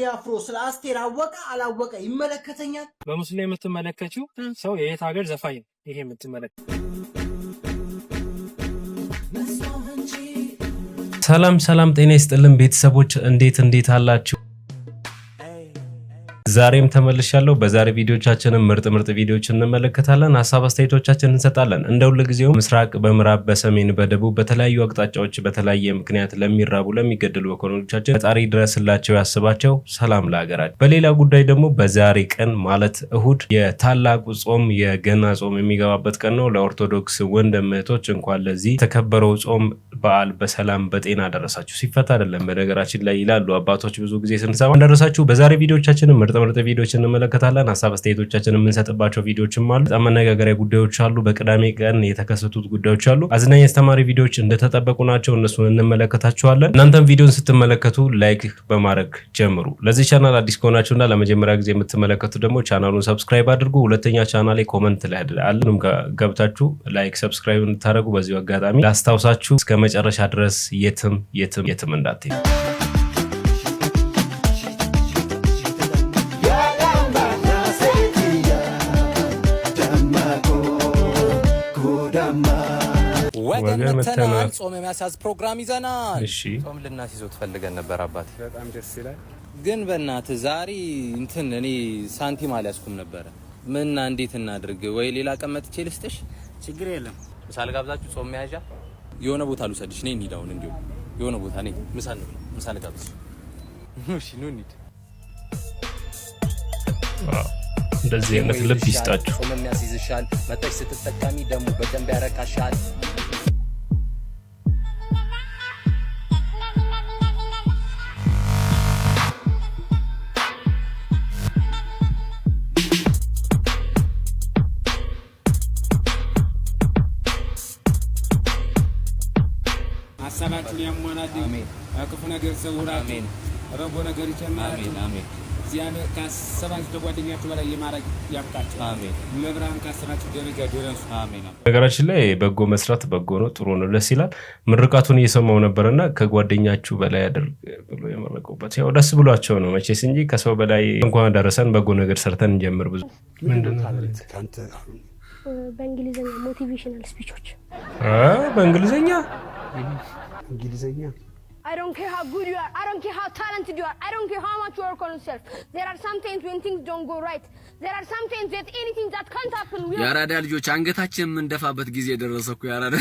ቴዲ አፍሮ ስለ አስቴር አወቀ አላወቀ ይመለከተኛል? በምስሉ ላይ የምትመለከችው ሰው የየት ሀገር ዘፋኝ ነው? ይሄ የምትመለከት ሰላም ሰላም፣ ጤና ይስጥልን ቤተሰቦች፣ እንዴት እንዴት አላችሁ? ዛሬም ተመልሻለሁ። በዛሬ ቪዲዮቻችንን ምርጥ ምርጥ ቪዲዮችን እንመለከታለን። ሀሳብ አስተያየቶቻችን እንሰጣለን። እንደ ጊዜው ምስራቅ፣ በምዕራብ፣ በሰሜን፣ በደቡብ በተለያዩ አቅጣጫዎች በተለያየ ምክንያት ለሚራቡ ለሚገደሉ ወገኖቻችን ፈጣሪ ድረስላቸው፣ ያስባቸው። ሰላም ለሀገራችን። በሌላ ጉዳይ ደግሞ በዛሬ ቀን ማለት እሁድ የታላቁ ጾም የገና ጾም የሚገባበት ቀን ነው። ለኦርቶዶክስ ወንድም እህቶች እንኳን ለዚህ የተከበረው ጾም በዓል በሰላም በጤና ደረሳችሁ። ሲፈታ አይደለም በነገራችን ላይ ይላሉ አባቶች ብዙ ጊዜ ስንሰማ። እንደረሳችሁ በዛሬ ቪዲዮቻችንን ምርጥ ምርጥ ቪዲዮዎች እንመለከታለን። ሀሳብ አስተያየቶቻችን የምንሰጥባቸው ቪዲዮችም አሉ። በጣም መነጋገሪያ ጉዳዮች አሉ። በቅዳሜ ቀን የተከሰቱት ጉዳዮች አሉ። አዝናኝ አስተማሪ ቪዲዮዎች እንደተጠበቁ ናቸው። እነሱን እንመለከታቸዋለን። እናንተም ቪዲዮን ስትመለከቱ ላይክ በማድረግ ጀምሩ። ለዚህ ቻናል አዲስ ከሆናችሁና ለመጀመሪያ ጊዜ የምትመለከቱ ደግሞ ቻናሉን ሰብስክራይብ አድርጉ። ሁለተኛ ቻናል ላይ ኮመንት ላይ አለንም ገብታችሁ ላይክ ሰብስክራይብ እንድታደረጉ በዚሁ አጋጣሚ ላስታውሳችሁ። እስከ መጨረሻ ድረስ የትም የትም የትም እንዳትሄዱ። መተናል። ጾም የሚያሳዝ ፕሮግራም ይዘናል። ጾም ልናስይዘው ትፈልገን ነበር አባቴ። በጣም ደስ ይላል። ግን ዛሬ እንትን እኔ ሳንቲም አልያዝኩም ነበረ። ምንና እንዴት እናድርግ? ወይ ሌላ ቀን መጥቼ ልስጥሽ? ችግር የለም። ምሳ ልጋብዛችሁ? ጾም መያዣ የሆነ ቦታ ልውሰድሽ። እንሂድ አሁን፣ እንዲሁ የሆነ ቦታ ምሳ ምሳ እሺ ኑ እንሂድ። እንደዚህ አይነት ልብ ይስጣችሁ። ጾም የሚያስይዝሻል። መጠሽ ስትጠቀሚ ደግሞ በደንብ ያረካሻል። ያሟላልን። ክፉ ነገር በጎ ነገር እግዚአብሔር ካሰባችሁ በላይ የማድረግ ያብቃችሁ። ካሰባችሁ ደረጃ ድረሱ። ነገራችን ላይ በጎ መስራት በጎ ነው፣ ጥሩ ነው፣ ደስ ይላል። ምርቃቱን እየሰማው ነበርና ከጓደኛችሁ በላይ ያደርግ ብሎ የመረቁበት ያው ደስ ብሏቸው ነው መቼስ እንጂ ከሰው በላይ እንኳን ደረሰን። በጎ ነገር ሰርተን እንጀምር። ብዙ በእንግሊዝኛ ሞቲቬሽናል ስፒቾች በእንግሊዝኛ እንግሊዘኛ I don't care how good you are. I don't care how talented you are. I don't care how much you work on yourself. There are some things when things don't go right. There are some things that anything that can't happen will የአራዳ ልጆች አንገታችን የምንደፋበት ጊዜ ደረሰኩ። ያራዳ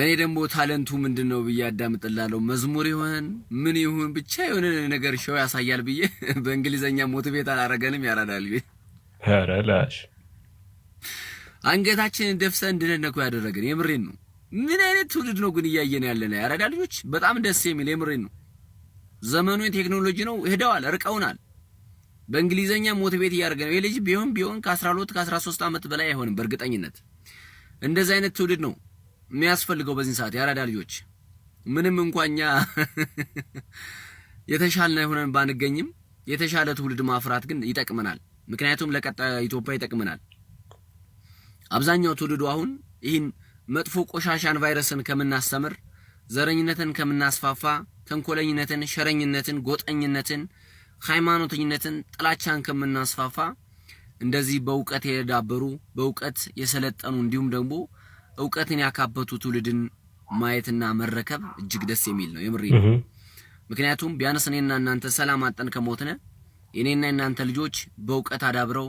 እኔ ደግሞ ታለንቱ ምንድነው ብዬ አዳምጥላለሁ። መዝሙር ይሆን ምን ይሁን ብቻ የሆነ ነገር ሸው ያሳያል ብዬ በእንግሊዘኛ ሞቲቬት አላረገንም። ያራዳ ልጆች ኧረ ላሽ አንገታችንን ደፍሰን እንድንነኩ ያደረግን የምሬን ነው። ምን አይነት ትውልድ ነው ግን እያየን ነው? ያረዳ ልጆች በጣም ደስ የሚል የምሬን ነው። ዘመኑ የቴክኖሎጂ ነው። ሄደዋል፣ ርቀውናል። በእንግሊዘኛ ሞቲቬት እያደረገ ነው። ይህ ቢሆን ቢሆን ከ12 ከ13 ዓመት በላይ አይሆንም በእርግጠኝነት። እንደዚህ አይነት ትውልድ ነው የሚያስፈልገው በዚህ ሰዓት ያረዳ ልጆች። ምንም እንኳንኛ የተሻለ ሆነን ባንገኝም የተሻለ ትውልድ ማፍራት ግን ይጠቅመናል። ምክንያቱም ለቀጣ ኢትዮጵያ ይጠቅመናል። አብዛኛው ትውልዱ አሁን ይህን መጥፎ ቆሻሻን፣ ቫይረስን ከምናስተምር፣ ዘረኝነትን ከምናስፋፋ፣ ተንኮለኝነትን፣ ሸረኝነትን፣ ጎጠኝነትን፣ ሃይማኖተኝነትን፣ ጥላቻን ከምናስፋፋ እንደዚህ በእውቀት የዳበሩ በእውቀት የሰለጠኑ እንዲሁም ደግሞ እውቀትን ያካበቱ ትውልድን ማየትና መረከብ እጅግ ደስ የሚል ነው። የምሬ ነው። ምክንያቱም ቢያንስ እኔና እናንተ ሰላም አጠን ከሞትነ የኔና የእናንተ ልጆች በእውቀት አዳብረው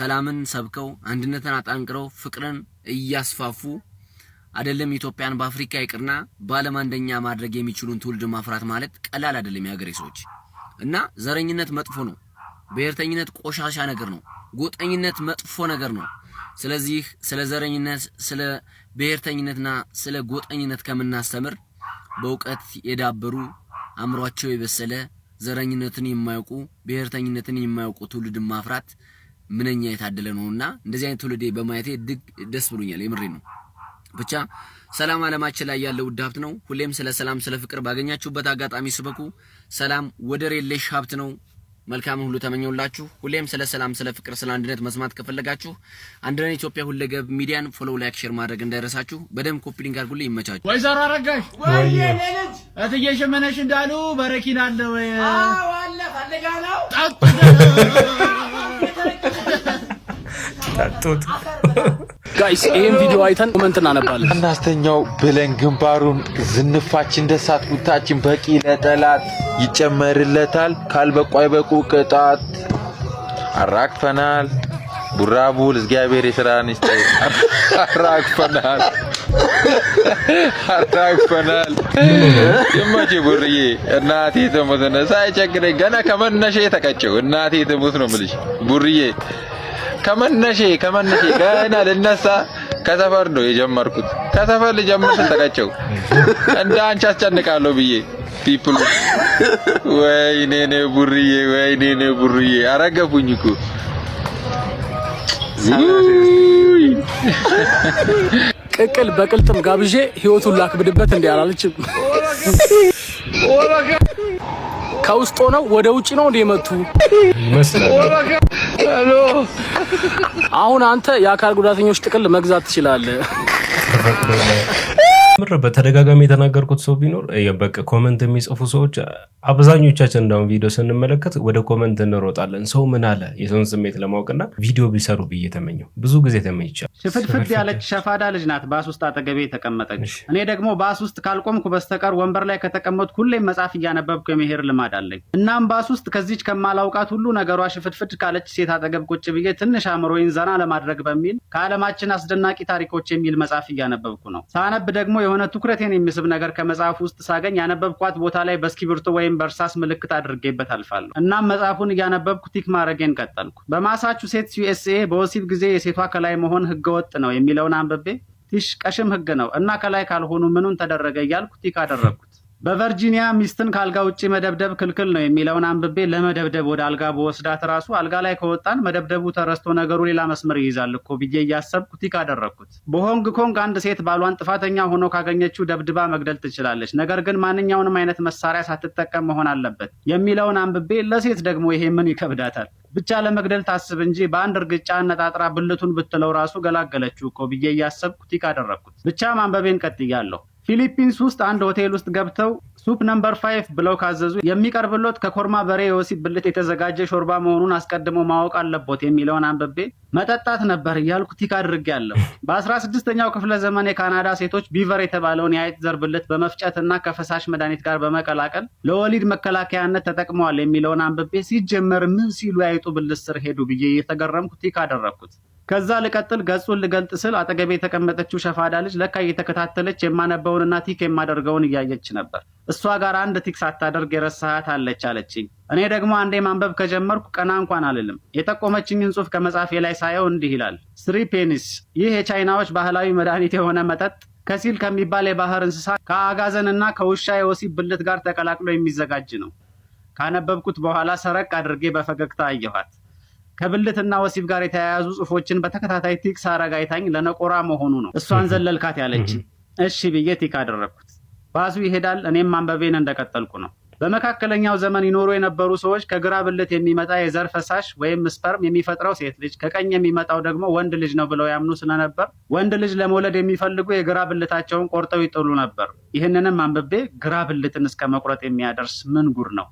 ሰላምን ሰብከው አንድነትን አጠንቅረው ፍቅርን እያስፋፉ አይደለም ኢትዮጵያን በአፍሪካ ይቅርና በዓለም አንደኛ ማድረግ የሚችሉን ትውልድ ማፍራት ማለት ቀላል አይደለም የሀገሬ ሰዎች። እና ዘረኝነት መጥፎ ነው። ብሔርተኝነት ቆሻሻ ነገር ነው። ጎጠኝነት መጥፎ ነገር ነው። ስለዚህ ስለ ዘረኝነት፣ ስለ ብሔርተኝነትና ስለ ጎጠኝነት ከምናስተምር በእውቀት የዳበሩ አእምሯቸው የበሰለ ዘረኝነትን የማያውቁ ብሔርተኝነትን የማያውቁ ትውልድን ማፍራት ምንኛ የታደለ ነውና እንደዚህ አይነት ትውልዴ በማየቴ እድግ ደስ ብሎኛል። የምሬ ነው። ብቻ ሰላም አለማችን ላይ ያለው ውድ ሀብት ነው። ሁሌም ስለ ሰላም፣ ስለ ፍቅር ባገኛችሁበት አጋጣሚ ስበኩ። ሰላም ወደር የለሽ ሀብት ነው። መልካም ሁሉ ተመኘውላችሁ። ሁሌም ስለ ሰላም፣ ስለ ፍቅር፣ ስለ አንድነት መስማት ከፈለጋችሁ አንድነት ኢትዮጵያ ሁለገብ ሚዲያን ፎሎው፣ ላይክ፣ ሼር ማድረግ እንዳይረሳችሁ። በደንብ ኮፒ ሊንክ አድርጉልኝ። ይመቻችሁ። ወይዘሮ አረጋሽ እትዬ ሸመነሽ እንዳሉ በረኪና አለ ወይ? አዎ አለ ፈልጋለሁ። ጠጡት። ጋይስ ይህን ቪዲዮ አይተን ኮመንት እናነባለን። እናስተኛው ብለን ግንባሩን ዝንፋችን ደሳት ጉታችን በቂ ለጠላት ይጨመርለታል። ካልበቁ አይበቁ ቅጣት አራግፈናል። ቡራቡል እግዚአብሔር የስራን ይስጥ። አራግፈናል አራግፈናል። የማቼ ቡርዬ እናቴ ትሙት ሳይቸግረኝ ገና ከመነሻ የተቀጨው እናቴ ትሙት ነው የምልሽ ቡርዬ ከመነሼ ከመነሼ ገና ልነሳ ከሰፈር ነው የጀመርኩት። ከሰፈር ልጀምር ስተቀቸው እንደ አንቺ አስጨንቃለሁ ብዬ ፒፕሉ ወይኔ ኔ ቡርዬ ወይኔ ኔ ቡርዬ አረገፉኝ እኮ ቅቅል በቅልጥም ጋብዤ ህይወቱን ላክብድበት እንዲ አላለችም። ከውስጥ ሆነው ወደ ውጭ ነው እንደ መጡ አሁን አንተ የአካል ጉዳተኞች ጥቅል መግዛት ትችላለህ። ምር በተደጋጋሚ የተናገርኩት ሰው ቢኖር በቃ ኮመንት የሚጽፉ ሰዎች አብዛኞቻችን እንዳሁን ቪዲዮ ስንመለከት ወደ ኮመንት እንሮጣለን። ሰው ምን አለ የሰውን ስሜት ለማወቅና ቪዲዮ ቢሰሩ ብዬ ተመኘው። ብዙ ጊዜ ተመኝቻለሁ። ሽፍድፍድ ያለች ሸፋዳ ልጅ ናት ባስ ውስጥ አጠገቤ የተቀመጠች። እኔ ደግሞ ባስ ውስጥ ካልቆምኩ በስተቀር ወንበር ላይ ከተቀመጥኩ ሁሌም መጽሐፍ እያነበብኩ የመሄድ ልማድ አለኝ። እናም ባስ ውስጥ ከዚች ከማላውቃት ሁሉ ነገሯ ሽፍድፍድ ካለች ሴት አጠገብ ቁጭ ብዬ ትንሽ አእምሮዬን ዘና ለማድረግ በሚል ከዓለማችን አስደናቂ ታሪኮች የሚል መጽሐፍ እያነበብኩ ነው። ሳነብ ደግሞ የሆነ ትኩረቴን የሚስብ ነገር ከመጽሐፍ ውስጥ ሳገኝ ያነበብኳት ቦታ ላይ በእስክሪብቶ ወይም በእርሳስ ምልክት አድርጌበት አልፋለሁ። እናም መጽሐፉን እያነበብኩ ቲክ ማድረጌን ቀጠልኩ። በማሳቹሴትስ ዩኤስኤ በወሲብ ጊዜ የሴቷ ከላይ መሆን ህገወጥ ነው የሚለውን አንብቤ ቲሽ ቀሽም ህግ ነው እና ከላይ ካልሆኑ ምኑን ተደረገ እያልኩ ቲክ አደረግኩት። በቨርጂኒያ ሚስትን ከአልጋ ውጭ መደብደብ ክልክል ነው የሚለውን አንብቤ ለመደብደብ ወደ አልጋ በወስዳት ራሱ አልጋ ላይ ከወጣን መደብደቡ ተረስቶ ነገሩ ሌላ መስመር ይይዛል እኮ ብዬ እያሰብኩ ቲክ አደረግኩት። በሆንግ ኮንግ አንድ ሴት ባሏን ጥፋተኛ ሆኖ ካገኘችው ደብድባ መግደል ትችላለች፣ ነገር ግን ማንኛውንም አይነት መሳሪያ ሳትጠቀም መሆን አለበት የሚለውን አንብቤ ለሴት ደግሞ ይሄ ምን ይከብዳታል ብቻ ለመግደል ታስብ እንጂ በአንድ እርግጫ ነጣጥራ ብልቱን ብትለው ራሱ ገላገለችው እኮ ብዬ እያሰብኩ ቲክ አደረግኩት። ብቻ ማንበቤን ቀጥያለሁ። ፊሊፒንስ ውስጥ አንድ ሆቴል ውስጥ ገብተው ሱፕ ነምበር ፋይቭ ብለው ካዘዙ የሚቀርብሎት ከኮርማ በሬ የወሲብ ብልት የተዘጋጀ ሾርባ መሆኑን አስቀድሞ ማወቅ አለቦት የሚለውን አንብቤ መጠጣት ነበር እያልኩ ቲክ አድርጌያለሁ። በአስራ ስድስተኛው ክፍለ ዘመን የካናዳ ሴቶች ቢቨር የተባለውን የአይጥ ዘር ብልት በመፍጨት እና ከፈሳሽ መድኃኒት ጋር በመቀላቀል ለወሊድ መከላከያነት ተጠቅመዋል የሚለውን አንብቤ ሲጀመር ምን ሲሉ ያይጡ ብልት ስር ሄዱ ብዬ እየተገረምኩ ቲክ አደረግኩት። ከዛ ልቀጥል ገጹን ልገልጥ ስል አጠገቤ የተቀመጠችው ሸፋዳ ልጅ ለካ እየተከታተለች የማነበውንና ቲክ የማደርገውን እያየች ነበር። እሷ ጋር አንድ ቲክ ሳታደርግ የረሳሃት አለች አለችኝ። እኔ ደግሞ አንዴ ማንበብ ከጀመርኩ ቀና እንኳን አልልም። የጠቆመችኝን ጽሑፍ ከመጽሐፌ ላይ ሳየው እንዲህ ይላል። ስሪ ፔኒስ፣ ይህ የቻይናዎች ባህላዊ መድኃኒት የሆነ መጠጥ ከሲል ከሚባል የባህር እንስሳ ከአጋዘንና ከውሻ የወሲብ ብልት ጋር ተቀላቅሎ የሚዘጋጅ ነው። ካነበብኩት በኋላ ሰረቅ አድርጌ በፈገግታ አየኋት። ከብልትና ወሲብ ጋር የተያያዙ ጽሁፎችን በተከታታይ ቲክስ አረጋይታኝ ለነቆራ መሆኑ ነው እሷን ዘለልካት ያለች። እሺ ብዬ ቲክ አደረግኩት። ባዙ ይሄዳል። እኔም ማንበቤን እንደቀጠልኩ ነው። በመካከለኛው ዘመን ይኖሩ የነበሩ ሰዎች ከግራ ብልት የሚመጣ የዘር ፈሳሽ ወይም ስፐርም የሚፈጥረው ሴት ልጅ ከቀኝ የሚመጣው ደግሞ ወንድ ልጅ ነው ብለው ያምኑ ስለነበር ወንድ ልጅ ለመውለድ የሚፈልጉ የግራ ብልታቸውን ቆርጠው ይጥሉ ነበር። ይህንንም አንብቤ ግራ ብልትን እስከ መቁረጥ የሚያደርስ ምን ጉር ነው?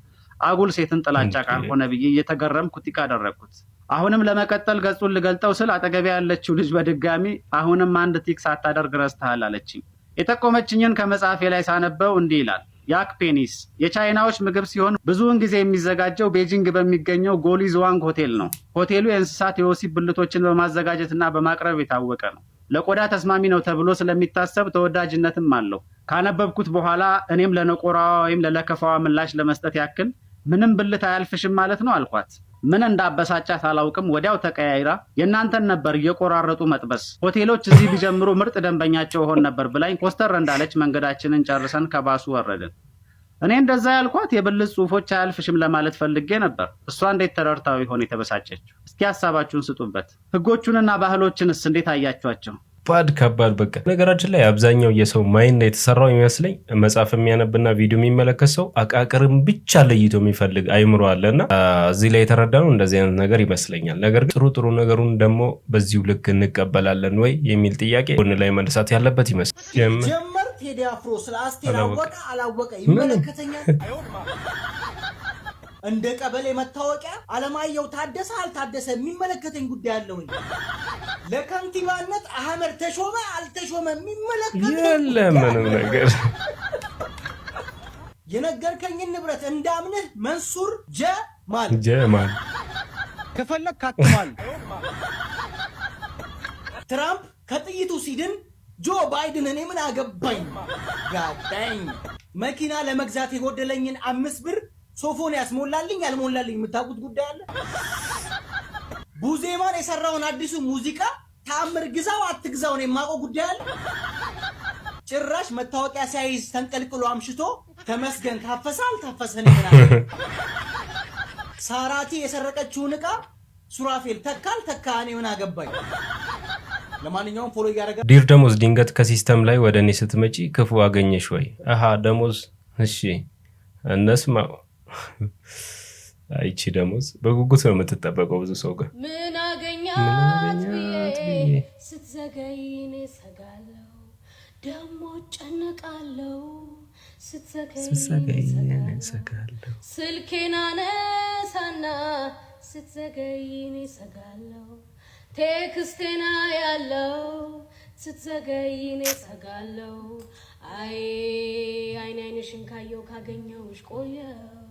አጉል ሴትን ጥላቻ ሆነ ብዬ እየተገረምኩ ቲክ አደረግኩት። አሁንም ለመቀጠል ገጹን ልገልጠው ስል አጠገቢያ ያለችው ልጅ በድጋሚ አሁንም አንድ ቲክ ሳታደርግ ረስተሃል አለችኝ። የጠቆመችኝን ከመጽሐፌ ላይ ሳነበው እንዲህ ይላል። ያክ ፔኒስ የቻይናዎች ምግብ ሲሆን ብዙውን ጊዜ የሚዘጋጀው ቤጂንግ በሚገኘው ጎሊ ዝዋንግ ሆቴል ነው። ሆቴሉ የእንስሳት የወሲብ ብልቶችን በማዘጋጀትና በማቅረብ የታወቀ ነው። ለቆዳ ተስማሚ ነው ተብሎ ስለሚታሰብ ተወዳጅነትም አለው። ካነበብኩት በኋላ እኔም ለነቆራዋ ወይም ለለከፋዋ ምላሽ ለመስጠት ያክል ምንም ብልት አያልፍሽም ማለት ነው አልኳት። ምን እንዳበሳጫት አላውቅም። ወዲያው ተቀያይራ የእናንተን ነበር እየቆራረጡ መጥበስ፣ ሆቴሎች እዚህ ቢጀምሩ ምርጥ ደንበኛቸው ሆን ነበር ብላኝ ኮስተር እንዳለች መንገዳችንን ጨርሰን ከባሱ ወረድን። እኔ እንደዛ ያልኳት የብልት ጽሁፎች አያልፍሽም ለማለት ፈልጌ ነበር። እሷ እንዴት ተረርታዊ ሆን የተበሳጨችው? እስኪ ሀሳባችሁን ስጡበት። ህጎቹንና ባህሎችንስ እንዴት አያችኋቸው? ከባድ ከባድ በቃ ነገራችን ላይ አብዛኛው የሰው ማይንድ የተሰራው የሚመስለኝ መጽሐፍ የሚያነብና ቪዲዮ የሚመለከት ሰው አቃቅርም ብቻ ለይቶ የሚፈልግ አይምሮ አለ እና እዚህ ላይ የተረዳነው እንደዚህ አይነት ነገር ይመስለኛል። ነገር ግን ጥሩ ጥሩ ነገሩን ደግሞ በዚሁ ልክ እንቀበላለን ወይ የሚል ጥያቄ ጎን ላይ መልሳት ያለበት ይመስላል። ጀመር ቴዲ አፍሮ ስለ አስቴር አወቀ አላወቀ ይመለከተኛል እንደ ቀበሌ መታወቂያ አለማየሁ ታደሰ አልታደሰ የሚመለከተኝ ጉዳይ አለው። ለከንቲባነት አህመድ ተሾመ አልተሾመ የሚመለከት የለም። ምንም ነገር የነገርከኝን ንብረት እንዳምንህ መንሱር ጀማል ጀማል ከፈለግ ካትማል። ትራምፕ ከጥይቱ ሲድን ጆ ባይድን እኔ ምን አገባኝ ጋጠኝ። መኪና ለመግዛት የጎደለኝን አምስት ብር ሶፎን ያስሞላልኝ ያልሞላልኝ የምታውቁት ጉዳይ አለ። ቡዜማን የሰራውን አዲሱ ሙዚቃ ተአምር ግዛው አትግዛው ነው የማውቀው ጉዳይ አለ። ጭራሽ መታወቂያ ሲያይዝ ተንቀልቅሎ አምሽቶ ተመስገን ታፈሰ አልታፈሰን ነው ሳራቲ የሰረቀችውን እቃ ሱራፌል ተካል ተካ እኔ ምን አገባኝ። ለማንኛውም ፎሎ እያደረገ ዲር ደሞዝ፣ ድንገት ከሲስተም ላይ ወደ እኔ ስትመጪ ክፉ አገኘሽ ወይ? አሃ ደሞዝ። እሺ እነስማው ይቺ ደሞዝ በጉጉት ነው የምትጠበቀው። ብዙ ሰው ጋር ምን አገኛት ብዬ ደሞ ጨነቃለሁ። ስትዘገይ እኔ ስልኬን አነሳና ስትዘገይ ቴክስቴና ያለው ስትዘገይን እኔ አይ አይን አይንሽን ካየው ካገኘውሽ ቆየው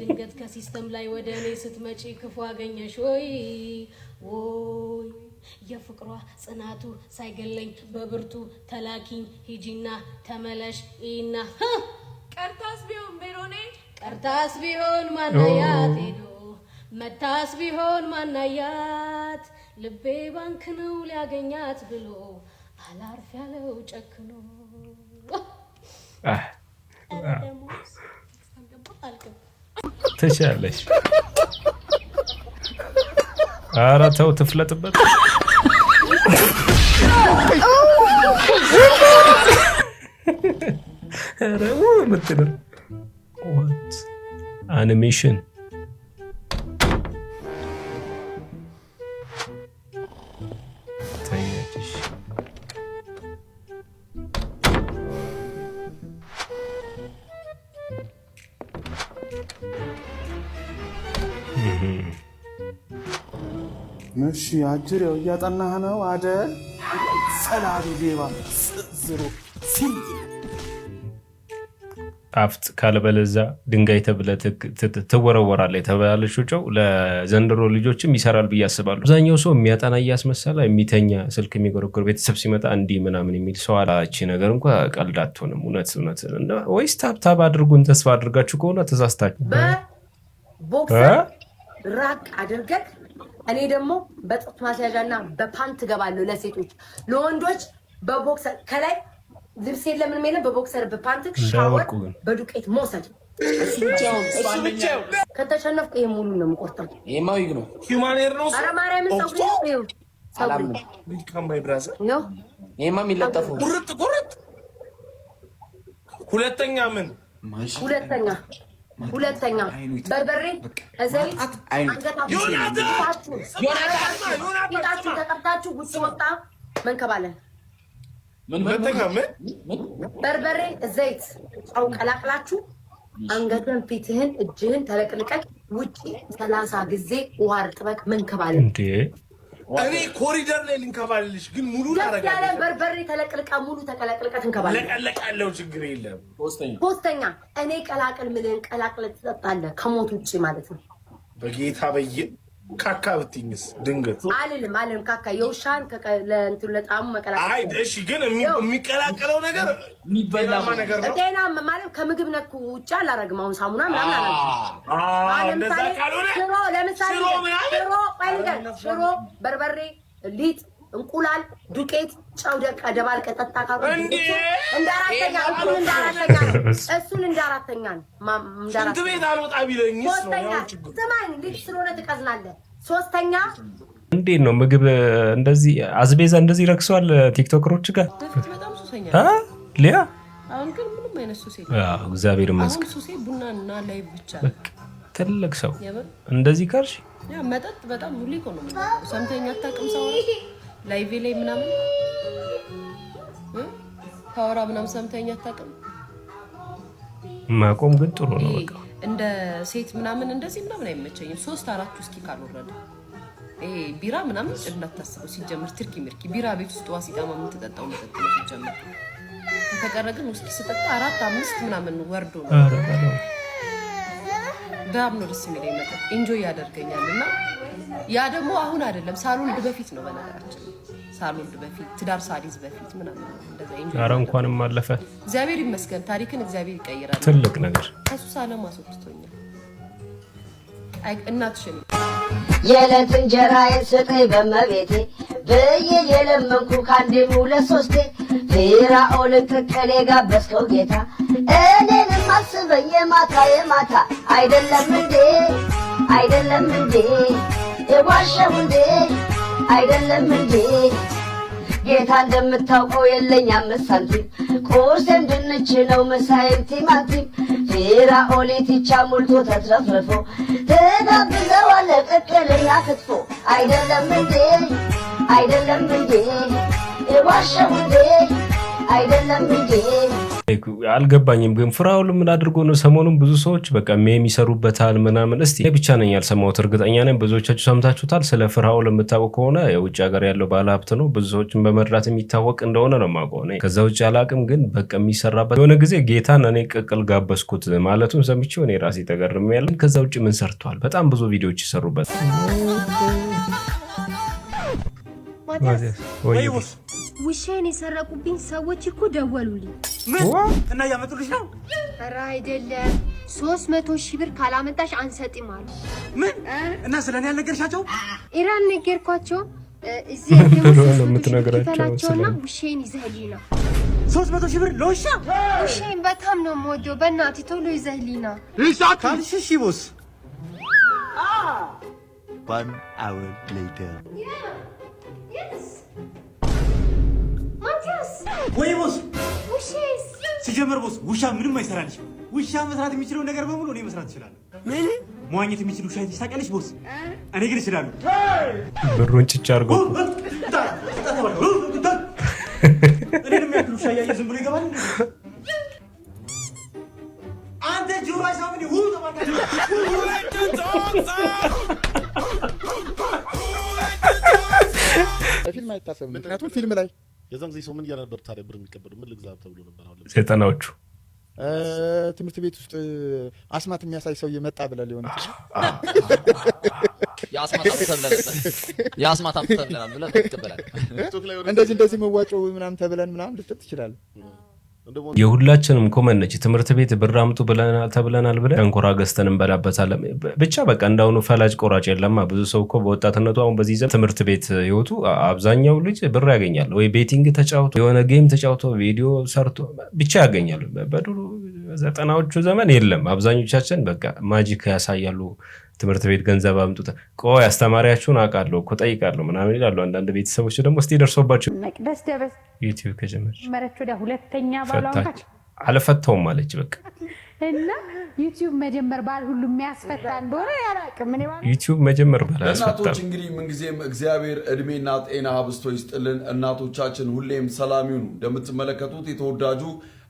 ድንገት ከሲስተም ላይ ወደ እኔ ስትመጪ ክፉ አገኘሽ ወይ ወይ የፍቅሯ ጽናቱ ሳይገለኝ በብርቱ ተላኪኝ ሂጂና ተመለሽ ይና ቀርታስ ቢሆን ቤሮኔ ቀርታስ ቢሆን ማናያት ሄዶ መታስ ቢሆን ማናያት ልቤ ባንክ ነው ሊያገኛት ብሎ አላርፍ ያለው ጨክኖ ትችያለሽ። ኧረ ተው ትፍለጥበት። ኧረ የምትለው አኒሜሽን እሺ አጅሬው እያጠናህ ነው አደል? ሰላቢ ሌባ ዝሮ ሲል ጣፍጥ ድንጋይ ተብለ ትወረወራለ የተባለችው ጨው ለዘንድሮ ልጆችም ይሰራል ብዬ አስባለሁ። አብዛኛው ሰው የሚያጠና እያስመሰለ የሚተኛ ስልክ የሚጎረጎር ቤተሰብ ሲመጣ እንዲህ ምናምን የሚል ሰው አላቺ ነገር እንኳ ቀልድ አትሆንም። እውነት እውነት ወይስ ታብታብ አድርጉን ተስፋ አድርጋችሁ ከሆነ ተሳስታችሁ ራቅ አድርገን እኔ ደግሞ በጥርት ማስያዣ እና በፓንት ገባለሁ። ለሴቶች ለወንዶች በቦክሰር ከላይ ልብስ የለም ምንም በቦክሰር በፓንት ሻወር በዱቄት መውሰድ ከተሸነፍኩ ይሄ ሙሉ ነው የምቆርጠው። ኧረ ማርያምን ሁለተኛ ምን ሁለተኛ ሁለተኛ በርበሬ፣ ዘይት አንገታችሁ ተቀብታችሁ ውጭ ወጣ መንከባለን። በርበሬ፣ ዘይት፣ ጨው ቀላቅላችሁ አንገትን፣ ፊትህን፣ እጅህን ተለቅልቀህ ውጭ ሰላሳ ጊዜ ውሃ ርጥበቅ መንከባለን። እኔ ኮሪደር ላይ ልንከባልልሽ ግን ሙሉ ያለ በርበሬ ተለቅልቃ ሙሉ ተቀለቅልቀ ትንከባል ለቀለቃለው ችግር የለም። ሶስተኛ እኔ ቀላቅል ምልህን ቀላቅል ትጠጣለህ ከሞት ውጭ ማለት ነው በጌታ በየ ካካ ብትይኝስ? ድንገት አልልም አልልም። ካካ የውሻን ለእንትኑ ለጣሙ መቀላቀል። አይ እሺ፣ ግን የሚቀላቀለው ነገር የሚበላማ ነገር ነው። ጤናማ ማለት ከምግብ ነክ ውጭ አላረግም። አሁን ሳሙና ምናምን አላረግም። ለምሳሌ ሽሮ፣ ለምሳሌ ሽሮ፣ በርበሬ፣ ሊጥ እንቁላል፣ ዱቄት፣ ጨው ደቃ ደባል ከጠጣ እንዳራተኛ እሱን እንዳራተኛ እሱን እንዳራተኛ ሽንት ቤት አልወጣ ቢለኝ ስማኝ፣ ልጅ ስለሆነ ትቀዝናለህ። ሶስተኛ እንዴት ነው ምግብ እንደዚህ አዝቤዛ እንደዚህ ረክሷል። ቲክቶክሮች ጋር ሊያ እግዚአብሔር ይመስገን ትልቅ ሰው እንደዚህ ካልሽ መጠጥ በጣም ሰምተኛ አታውቅም ሰው ላይቬ ላይ ምናምን ታወራ ምናምን ሰምተኛ አታውቅም። ማቆም ግን ጥሩ ነው። በቃ እንደ ሴት ምናምን እንደዚህ ምናምን አይመቸኝም። ሶስት አራት ውስኪ ካልወረደ ቢራ ምናምን እንዳታስበው። ሲጀምር ትርኪ ምርኪ ቢራ ቤት ውስጥ ዋ ሲጠማ የምትጠጣው መጠጥ ነው ሲጀምር። ከተቀረ ግን ውስጥ ስጠጣ አራት አምስት ምናምን ወርዶ ነው። በጣም ነው ደስ የሚለኝ መጠጥ ኢንጆይ ያደርገኛል እና ያ ደግሞ አሁን አይደለም ሳልወልድ በፊት ነው። በነገራችን ሳልወልድ በፊት ትዳር ሳሊዝ በፊት ምናምን እንደዛ። ኧረ እንኳንም አለፈ እግዚአብሔር ይመስገን። ታሪክን እግዚአብሔር ይቀይራል። ትልቅ ነገር ከሱስ ዓለም አስወጥቶኛል። እናትሽን የዕለት እንጀራ የሰጠኝ በመቤቴ ብዬ የለመንኩ ከአንዴም ሁለት ሶስቴ ፊራኦልን ቅቅሌ ጋበዝከው ጌታ እኔንም አስበኝ የማታ የማታ አይደለም እንዴ አይደለም እንዴ የዋሸሁ እንዴ አይደለም እንዴ ጌታ እንደምታውቀው የለኝ አምስት ሳንቲም ቁርሴም ድንች ነው ምሳዬም ቲማቲም ፊራኦል ኢቲቻ ሞልቶ ተትረፍርፎ ትጋብዘዋለህ ቅቅልና ክትፎ አይደለም እንዴ አይደለም እንዴ የዋሸሁ እንዴ አይደለም እንዴ አልገባኝም። ግን ፍራኦል ምን አድርጎ ነው? ሰሞኑን ብዙ ሰዎች በቃ ሜም ይሰሩበታል ምናምን። እስቲ ብቻ ነኝ ያልሰማሁት፣ እርግጠኛ ነኝ ብዙዎቻችሁ ሰምታችሁታል። ስለ ፍራኦል የምታወቅ ከሆነ የውጭ ሀገር ያለው ባለ ሀብት ነው። ብዙ ሰዎችን በመርዳት የሚታወቅ እንደሆነ ነው የማውቀው። ከዛ ውጭ አላቅም። ግን በቃ የሚሰራበት የሆነ ጊዜ ጌታን እኔ ቅቅል ጋበዝኩት ማለቱን ሰምቼ እኔ ራሴ ተገርም ያለን። ከዛ ውጭ ምን ሰርቷል? በጣም ብዙ ቪዲዮዎች ይሰሩበታል። ውሻዬን የሰረቁብኝ ሰዎች እኮ ደወሉልኝ። ምን እና እያመጡልሽ ነው? ኧረ አይደለም፣ ሶስት መቶ ሺህ ብር ካላመጣሽ አንሰጥም አሉ። ምን እና ስለ እኔ አልነገርሻቸው? ኢራን ነገርኳቸው። እዚህ የምትነግራቸውና ውሻዬን ይዘህልኝ ነው። ሶስት መቶ ሺህ ብር ለውሻ? ውሻዬን በጣም ነው የምወደው። በእናትህ ቶሎ ይዘህልኝ ነው። ካልሽሽ ቦስ One hour later. Yeah. Yes. ወይ ቦስ ሲጀመር ቦስ ውሻ ምንም አይሰራልሽ። ውሻ መስራት የሚችለው ነገር በሙሉ እኔ መስራት እችላለሁ። መዋኘት የሚችል ውሻ አይተሽ ታውቂያለሽ ቦስ? እኔ ግን እችላለሁ። ብሩን ጭጭ አድርጎ ፊልም አይታሰብም፣ ምክንያቱም ፊልም ላይ የዛን ጊዜ ሰው ምን እያለ ነበር ታዲያ? ብር የሚቀበሉ ምን ልግዛ ተብሎ ነበር? አሁን ሴጠናዎቹ ትምህርት ቤት ውስጥ አስማት የሚያሳይ ሰው እየመጣ ብለህ ሊሆን የአስማት እንደዚህ እንደዚህ መዋጮ ምናምን ተብለን ምናምን ልትል ትችላለህ። የሁላችንም ኮመን ነች። ትምህርት ቤት ብር አምጡ ተብለናል ብለን ሸንኮራ ገዝተን እንበላበታለን። ብቻ በቃ እንዳሁኑ ፈላጭ ቆራጭ የለማ። ብዙ ሰው እኮ በወጣትነቱ አሁን በዚህ ዘመን ትምህርት ቤት ህይወቱ አብዛኛው ልጅ ብር ያገኛል ወይ ቤቲንግ ተጫውቶ የሆነ ጌም ተጫውቶ ቪዲዮ ሰርቶ ብቻ ያገኛል። በድሮ ዘጠናዎቹ ዘመን የለም። አብዛኞቻችን በቃ ማጂክ ያሳያሉ ትምህርት ቤት ገንዘብ አምጡት። ቆይ አስተማሪያችሁን አውቃለሁ እኮ ጠይቃለሁ ምናምን ይላሉ። አንዳንድ ቤተሰቦች ደግሞ እስኪ ደርሶባቸው መቅደስ ደበስ ዩቲዩብ ከጀመረች መረች ሁለተኛ ባሏች አልፈታውም አለች በቃ እና ዩቲዩብ መጀመር ባል ሁሉ የሚያስፈታ እንደሆነ ያላቅም ዩቲዩብ መጀመር ባል እናቶች እንግዲህ ምንጊዜም እግዚአብሔር እድሜና ጤና ሀብስቶ ይስጥልን። እናቶቻችን ሁሌም ሰላም ይሁኑ። እንደምትመለከቱት የተወዳጁ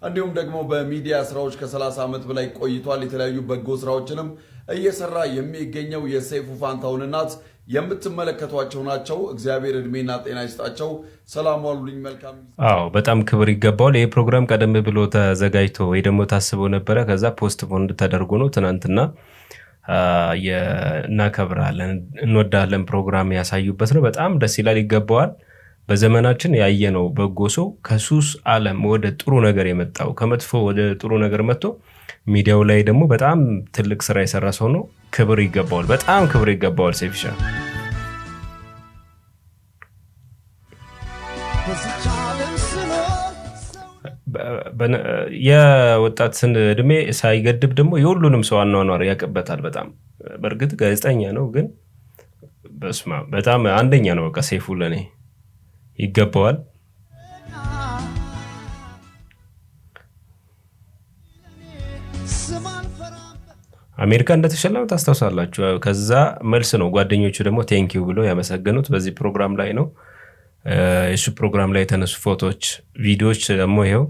እንዲሁም ደግሞ በሚዲያ ስራዎች ከ30 ዓመት በላይ ቆይቷል። የተለያዩ በጎ ስራዎችንም እየሰራ የሚገኘው የሰይፉ ፋንታሁን እናት የምትመለከቷቸው ናቸው። እግዚአብሔር እድሜና ጤና ይስጣቸው። ሰላም ዋሉልኝ። መልካም። አዎ በጣም ክብር ይገባዋል። ይህ ፕሮግራም ቀደም ብሎ ተዘጋጅቶ ወይ ደግሞ ታስቦ ነበረ። ከዛ ፖስት ፖንድ ተደርጎ ነው ትናንትና እናከብራለን እንወዳለን ፕሮግራም ያሳዩበት ነው። በጣም ደስ ይላል። ይገባዋል። በዘመናችን ያየነው በጎ ሰው ከሱስ ዓለም ወደ ጥሩ ነገር የመጣው ከመጥፎ ወደ ጥሩ ነገር መጥቶ ሚዲያው ላይ ደግሞ በጣም ትልቅ ስራ የሰራ ሰው ነው። ክብር ይገባዋል፣ በጣም ክብር ይገባዋል። ሴፊሻ የወጣትን እድሜ ሳይገድብ ደግሞ የሁሉንም ሰው አኗኗር ያቅበታል። በጣም በእርግጥ ጋዜጠኛ ነው፣ ግን በስማ በጣም አንደኛ ነው። በቃ ሴፉ ለእኔ ይገባዋል። አሜሪካ እንደተሸለመ ታስታውሳላችሁ። ከዛ መልስ ነው ጓደኞቹ ደግሞ ቴንኪው ብለው ያመሰገኑት በዚህ ፕሮግራም ላይ ነው። የሱ ፕሮግራም ላይ የተነሱ ፎቶዎች፣ ቪዲዮዎች ደግሞ ይኸው።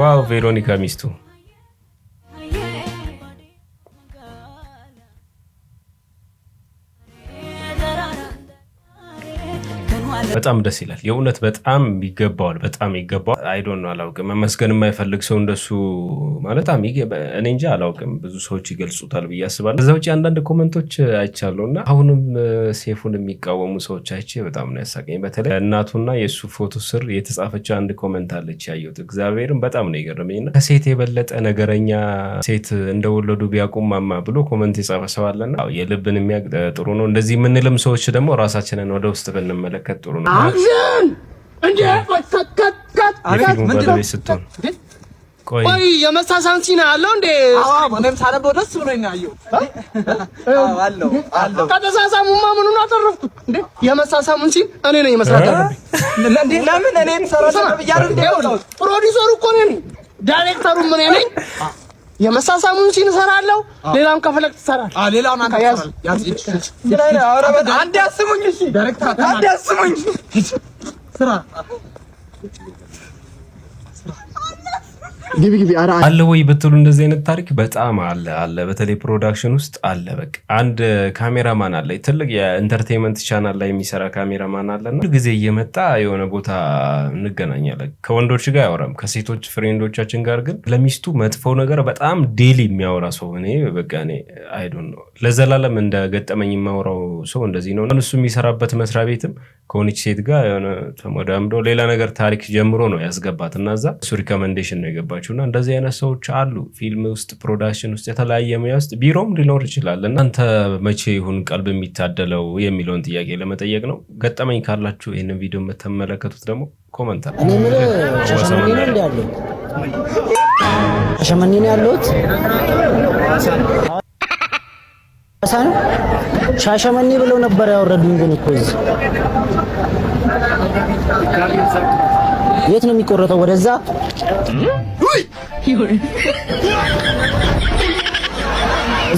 ዋው ቬሮኒካ ሚስቱ በጣም ደስ ይላል። የእውነት በጣም ይገባዋል፣ በጣም ይገባዋል። አይዶን አላውቅም፣ መመስገን የማይፈልግ ሰው እንደሱ ማለት እኔ እንጂ አላውቅም። ብዙ ሰዎች ይገልጹታል ብዬ አስባለሁ። ከዛ ውጭ አንዳንድ ኮመንቶች አይቻለሁ እና አሁንም ሴፉን የሚቃወሙ ሰዎች አይቼ በጣም ነው ያሳቀኝ። በተለይ እናቱና የእሱ ፎቶ ስር የተጻፈችው አንድ ኮመንት አለች ያየሁት፣ እግዚአብሔርም በጣም ነው የገረመኝና ከሴት የበለጠ ነገረኛ ሴት እንደወለዱ ቢያቁማማ ማማ ብሎ ኮመንት የጻፈ ሰው አለና የልብን የሚያቅ ጥሩ ነው። እንደዚህ የምንልም ሰዎች ደግሞ ራሳችንን ወደ ውስጥ ብንመለከት ጥሩ ነው። አክሽን እንዴ! ቆይ የመሳሳን ሲና አለው እንዴ? አዎ፣ ምንም ሳነበው ደስ ብሎኝ አየሁት። አለው አለው። ከተሳሳሙማ ምኑን አተረፍኩት እንዴ? የመሳሳሙን ሲን እኔ ነኝ መስራት አለብኝ። ለምን እኔ ተሰራሰ ብያለሁ። ፕሮዲውሰሩ እኮ እኔ ነኝ፣ ዳይሬክተሩ ምን ነኝ የመሳሳሙን ሲን እሰራለሁ። ሌላውን ከፈለግ ትሰራለህ። ሌላውን አንተ አንዴ አስሙኝ፣ እሺ አንዴ አስሙኝ ስራ ግቢ ግቢ አለ ወይ ብትሉ እንደዚህ አይነት ታሪክ በጣም አለ አለ። በተለይ ፕሮዳክሽን ውስጥ አለ። በቃ አንድ ካሜራማን አለ፣ ትልቅ የኢንተርቴንመንት ቻናል ላይ የሚሰራ ካሜራማን አለና ጊዜ እየመጣ የሆነ ቦታ እንገናኛለን። ከወንዶች ጋር አያወራም፣ ከሴቶች ፍሬንዶቻችን ጋር ግን ለሚስቱ መጥፎ ነገር በጣም ዴሊ የሚያወራ ሰው እኔ በቃ እኔ አይዶን ነው ለዘላለም እንደገጠመኝ የማወራው ሰው እንደዚህ ነው። እሱ የሚሰራበት መስሪያ ቤትም ከሆነች ሴት ጋር የሆነ ተመዳምዶ ሌላ ነገር ታሪክ ጀምሮ ነው ያስገባት እና እዛ እሱ ሪኮመንዴሽን ነው የገባችው። እና እንደዚህ አይነት ሰዎች አሉ ፊልም ውስጥ፣ ፕሮዳክሽን ውስጥ፣ የተለያየ ሙያ ውስጥ ቢሮም ሊኖር ይችላል። እና አንተ መቼ ይሁን ቀልብ የሚታደለው የሚለውን ጥያቄ ለመጠየቅ ነው። ገጠመኝ ካላችሁ ይህንን ቪዲዮ የምትመለከቱት ደግሞ ኮመንት ሻሸመኔ ነው ያለሁት ሻሸመኔ ብለው ነበር ያወረዱኝ። ግን እኮ እዚህ የት ነው የሚቆረጠው? ወደዛ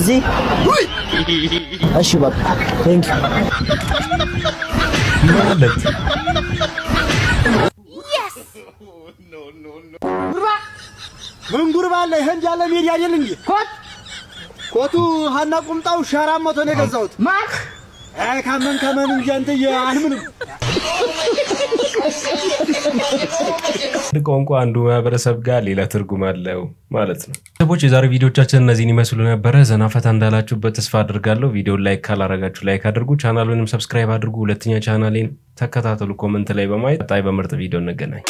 እዚህ። እሺ በቃ ቴንክ ዩ ጉርባ ምን ጉርባ አለ ይሄን ያለ ሜዲያ አይደል እንዴ? ኮቱ ሀና ቁምጣው ሻራ መቶ ነው የገዛሁት። ማክ አይ ካመን ካመን እንጂ አንተዬ አልምንም። አንድ ቋንቋ አንዱ ማህበረሰብ ጋር ሌላ ትርጉም አለው ማለት ነው። ሰዎች የዛሬ ቪዲዮቻችን እነዚህን ይመስሉ ነበረ። ዘናፈታ እንዳላችሁበት ተስፋ አድርጋለሁ። ቪዲዮ ላይክ ካላረጋችሁ ላይክ አድርጉ፣ ቻናሉንም ሰብስክራይብ አድርጉ። ሁለተኛ ቻናሌን ተከታተሉ። ኮመንት ላይ በማየት ቀጣይ በምርጥ ቪዲዮ እንገናኝ።